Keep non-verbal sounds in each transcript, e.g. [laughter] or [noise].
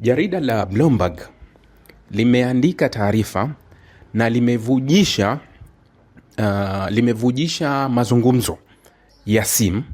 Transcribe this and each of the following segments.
Jarida la Bloomberg limeandika taarifa na limevujisha uh, limevujisha mazungumzo ya simu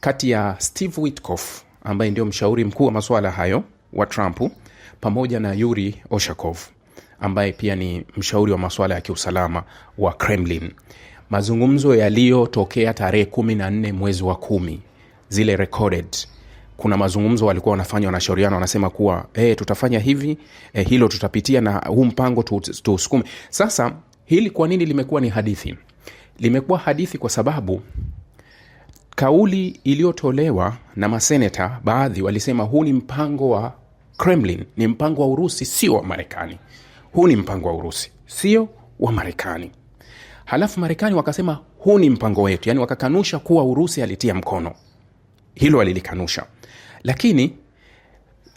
kati ya Steve Witkoff ambaye ndio mshauri mkuu wa masuala hayo wa Trump pamoja na Yuri Oshakov ambaye pia ni mshauri wa masuala ya kiusalama wa Kremlin. Mazungumzo yaliyotokea tarehe 14 mwezi wa kumi, zile recorded kuna mazungumzo walikuwa wanafanya, wanashauriana, wanasema kuwa hey, eh, tutafanya hivi e, hilo tutapitia na huu mpango tuusukume tu. Sasa hili kwa nini limekuwa ni hadithi? Limekuwa hadithi kwa sababu kauli iliyotolewa na maseneta baadhi walisema huu ni mpango wa Kremlin, ni mpango wa Urusi, sio wa Marekani. Huu ni mpango wa Urusi, sio wa Marekani. Halafu Marekani wakasema huu ni mpango wetu, yani wakakanusha kuwa Urusi alitia mkono hilo alilikanusha, lakini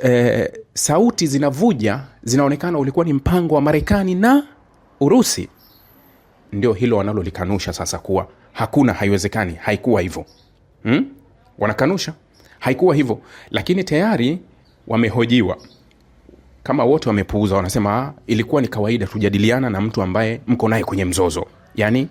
e, sauti zinavuja zinaonekana ulikuwa ni mpango wa Marekani na Urusi. Ndio hilo wanalolikanusha sasa, kuwa hakuna, haiwezekani, haikuwa hivyo hmm? Wanakanusha haikuwa hivyo, lakini tayari wamehojiwa kama wote wamepuuza. Wanasema ah, ilikuwa ni kawaida, tujadiliana na mtu ambaye mko naye kwenye mzozo. Yani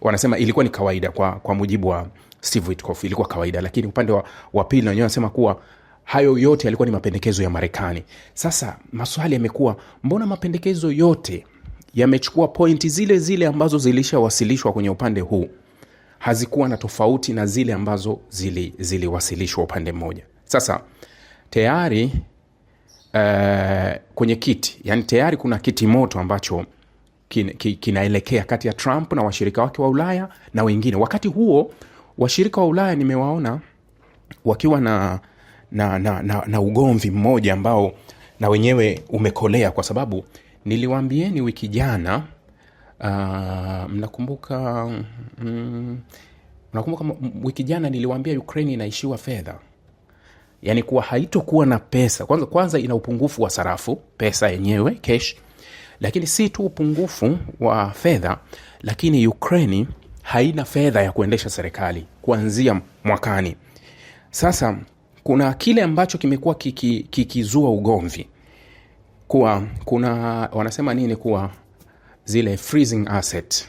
wanasema ilikuwa ni kawaida kwa, kwa mujibu wa Steve Witkoff, ilikuwa kawaida, lakini upande wa, wa pili na wenyewe kuwa hayo yote yalikuwa ni mapendekezo ya Marekani. Sasa maswali yamekuwa, mbona mapendekezo yote yamechukua pointi zile zile ambazo zilishawasilishwa kwenye upande huu, hazikuwa na tofauti na zile ambazo ziliwasilishwa zili upande mmoja. Sasa tayari uh, kwenye kiti yani, tayari kuna kiti moto ambacho kin, kin, kinaelekea kati ya Trump na washirika wake wa Ulaya na wengine. Wakati huo washirika wa Ulaya nimewaona wakiwa na na, na, na, na ugomvi mmoja ambao na wenyewe umekolea kwa sababu niliwaambieni wiki jana uh, mnakumbuka mm, mnakumbuka wiki jana niliwaambia Ukraine inaishiwa fedha yaani kuwa haitokuwa na pesa kwanza kwanza ina upungufu wa sarafu pesa yenyewe cash lakini si tu upungufu wa fedha lakini ukraini haina fedha ya kuendesha serikali kuanzia mwakani. Sasa kuna kile ambacho kimekuwa kikizua kiki ugomvi kuwa kuna wanasema nini, kuwa zile freezing asset,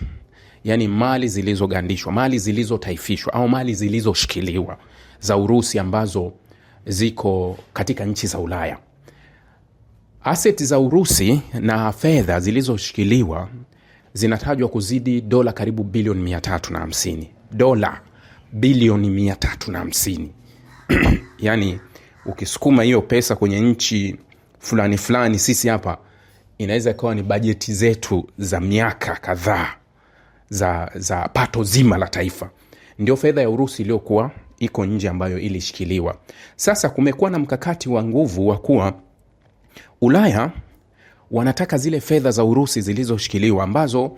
yani mali zilizogandishwa, mali zilizotaifishwa au mali zilizoshikiliwa za Urusi ambazo ziko katika nchi za Ulaya. aset za Urusi na fedha zilizoshikiliwa zinatajwa kuzidi dola karibu bilioni 350, dola bilioni 350. [clears throat] Yani ukisukuma hiyo pesa kwenye nchi fulani fulani, sisi hapa inaweza ikawa ni bajeti zetu za miaka kadhaa za, za pato zima la taifa. Ndio fedha ya Urusi iliyokuwa iko nje ambayo ilishikiliwa. Sasa kumekuwa na mkakati wa nguvu wa kuwa Ulaya wanataka zile fedha za Urusi zilizoshikiliwa ambazo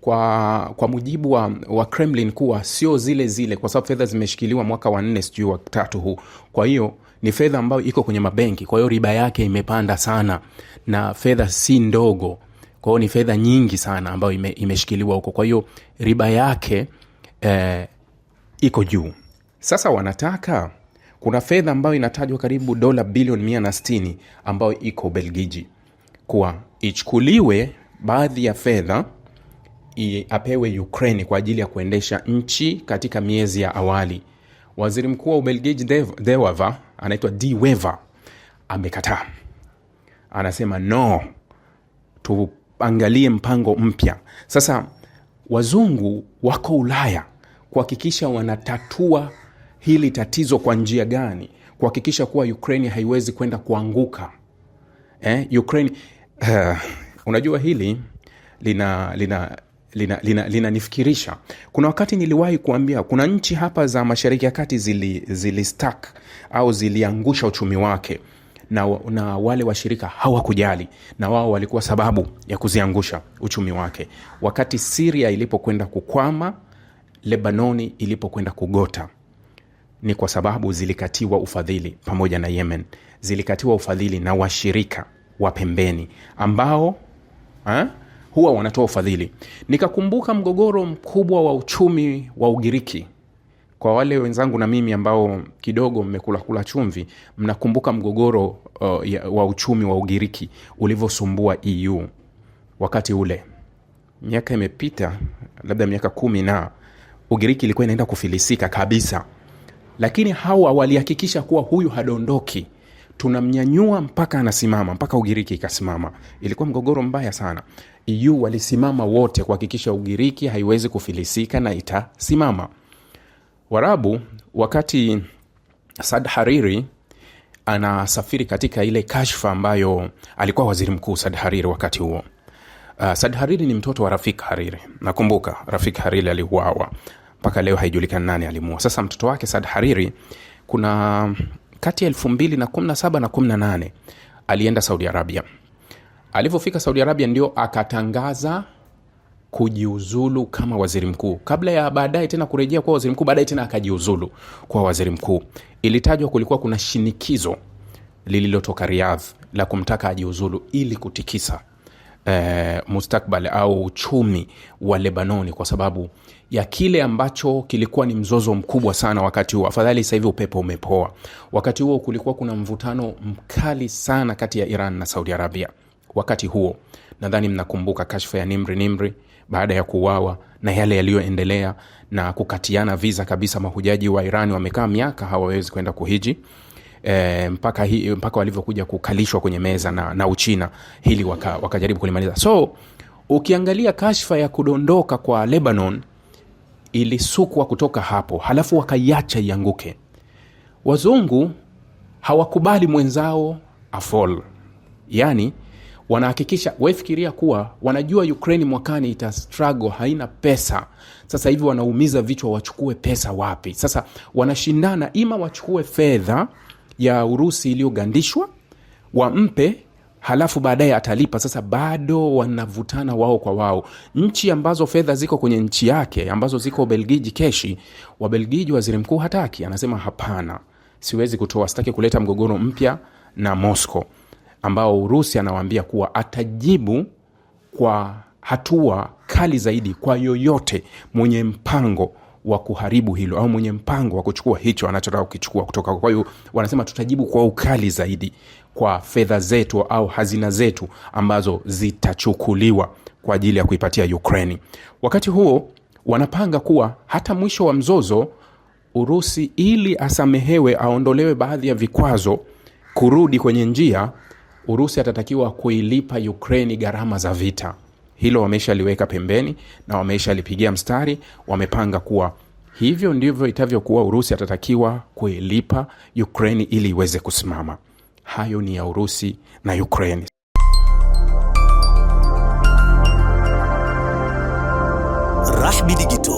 kwa, kwa mujibu wa, wa Kremlin kuwa sio zile zile, kwa sababu fedha zimeshikiliwa mwaka wa nne sijui watatu huu. Kwa hiyo ni fedha ambayo iko kwenye mabenki, kwa hiyo riba yake imepanda sana, na fedha si ndogo, kwa hiyo ni fedha nyingi sana ambayo ime, imeshikiliwa huko, kwa hiyo riba yake eh, iko juu. Sasa wanataka kuna fedha ambayo inatajwa karibu dola bilioni mia na ambayo iko Belgiji kuwa ichukuliwe baadhi ya fedha apewe Ukraine kwa ajili ya kuendesha nchi katika miezi ya awali. Waziri mkuu wa Ubelgiji dewava anaitwa dweva amekataa, anasema no, tuangalie mpango mpya. Sasa wazungu wako Ulaya kuhakikisha wanatatua hili tatizo kwa njia gani, kuhakikisha kuwa Ukraine haiwezi kwenda kuanguka eh, Ukraine Uh, unajua hili lina lina linanifikirisha lina, lina kuna wakati niliwahi kuambia kuna nchi hapa za mashariki ya kati zilistak zili, zili au ziliangusha uchumi wake na, na wale washirika hawakujali na wao walikuwa sababu ya kuziangusha uchumi wake wakati siria ilipokwenda kukwama lebanoni ilipokwenda kugota ni kwa sababu zilikatiwa ufadhili pamoja na yemen zilikatiwa ufadhili na washirika wa pembeni ambao ha, huwa wanatoa ufadhili. Nikakumbuka mgogoro mkubwa wa uchumi wa Ugiriki. Kwa wale wenzangu na mimi ambao kidogo mmekulakula chumvi, mnakumbuka mgogoro uh, ya, wa uchumi wa Ugiriki ulivyosumbua EU wakati ule. Miaka imepita labda miaka kumi, na Ugiriki ilikuwa inaenda kufilisika kabisa, lakini hawa walihakikisha kuwa huyu hadondoki tunamnyanyua mpaka anasimama, mpaka Ugiriki ikasimama. Ilikuwa mgogoro mbaya sana. EU walisimama wote kuhakikisha Ugiriki haiwezi kufilisika na itasimama. Warabu wakati sad Hariri anasafiri katika ile kashfa ambayo alikuwa waziri mkuu sad Hariri wakati huo. Uh, sad Hariri ni mtoto wa Rafik Hariri. Nakumbuka Rafik Hariri aliuawa, mpaka leo haijulikani nani alimua Sasa mtoto wake sad Hariri, kuna kati ya 2017 na 18 alienda Saudi Arabia. Alivyofika Saudi Arabia ndio akatangaza kujiuzulu kama waziri mkuu, kabla ya baadaye tena kurejea kuwa waziri mkuu, baadaye tena akajiuzulu kwa waziri mkuu. Ilitajwa kulikuwa kuna shinikizo lililotoka Riyadh la kumtaka ajiuzulu ili kutikisa eh, mustakbal au uchumi wa Lebanoni kwa sababu ya kile ambacho kilikuwa ni mzozo mkubwa sana wakati huo. Afadhali sasa hivi upepo umepoa. Wakati huo kulikuwa kuna mvutano mkali sana kati ya Iran na Saudi Arabia wakati huo. Nadhani mnakumbuka kashfa ya Nimri Nimri baada ya kuuawa na yale yaliyoendelea na kukatiana viza kabisa, mahujaji wa Iran wamekaa miaka hawawezi kwenda kuhiji e, mpaka, mpaka walivyokuja kukalishwa kwenye meza na, na Uchina hili waka, wakajaribu kulimaliza. So ukiangalia kashfa ya kudondoka kwa Lebanon ilisukwa kutoka hapo, halafu wakaiacha ianguke. Wazungu hawakubali mwenzao afol, yani wanahakikisha wafikiria kuwa wanajua Ukraine mwakani ita haina pesa. Sasa hivi wanaumiza vichwa, wachukue pesa wapi? Sasa wanashindana, ima wachukue fedha ya Urusi iliyogandishwa wampe halafu baadaye atalipa. Sasa bado wanavutana wao kwa wao. Nchi ambazo fedha ziko kwenye nchi yake ambazo ziko Ubelgiji keshi, Wabelgiji waziri mkuu hataki, anasema hapana, siwezi kutoa, sitaki kuleta mgogoro mpya na Moscow, ambao Urusi anawaambia kuwa atajibu kwa hatua kali zaidi kwa yoyote mwenye mpango wa kuharibu hilo au mwenye mpango wa kuchukua hicho anachotaka kukichukua kutoka. Kwa hiyo wanasema tutajibu kwa ukali zaidi kwa fedha zetu au hazina zetu ambazo zitachukuliwa kwa ajili ya kuipatia Ukraini. Wakati huo wanapanga kuwa hata mwisho wa mzozo Urusi ili asamehewe, aondolewe baadhi ya vikwazo, kurudi kwenye njia, Urusi atatakiwa kuilipa Ukraini gharama za vita hilo wameshaliweka pembeni na wameshalipigia mstari, wamepanga kuwa hivyo ndivyo itavyokuwa Urusi atatakiwa kuilipa Ukraini ili iweze kusimama. Hayo ni ya Urusi na Ukraini. rahbi digito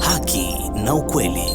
haki na ukweli.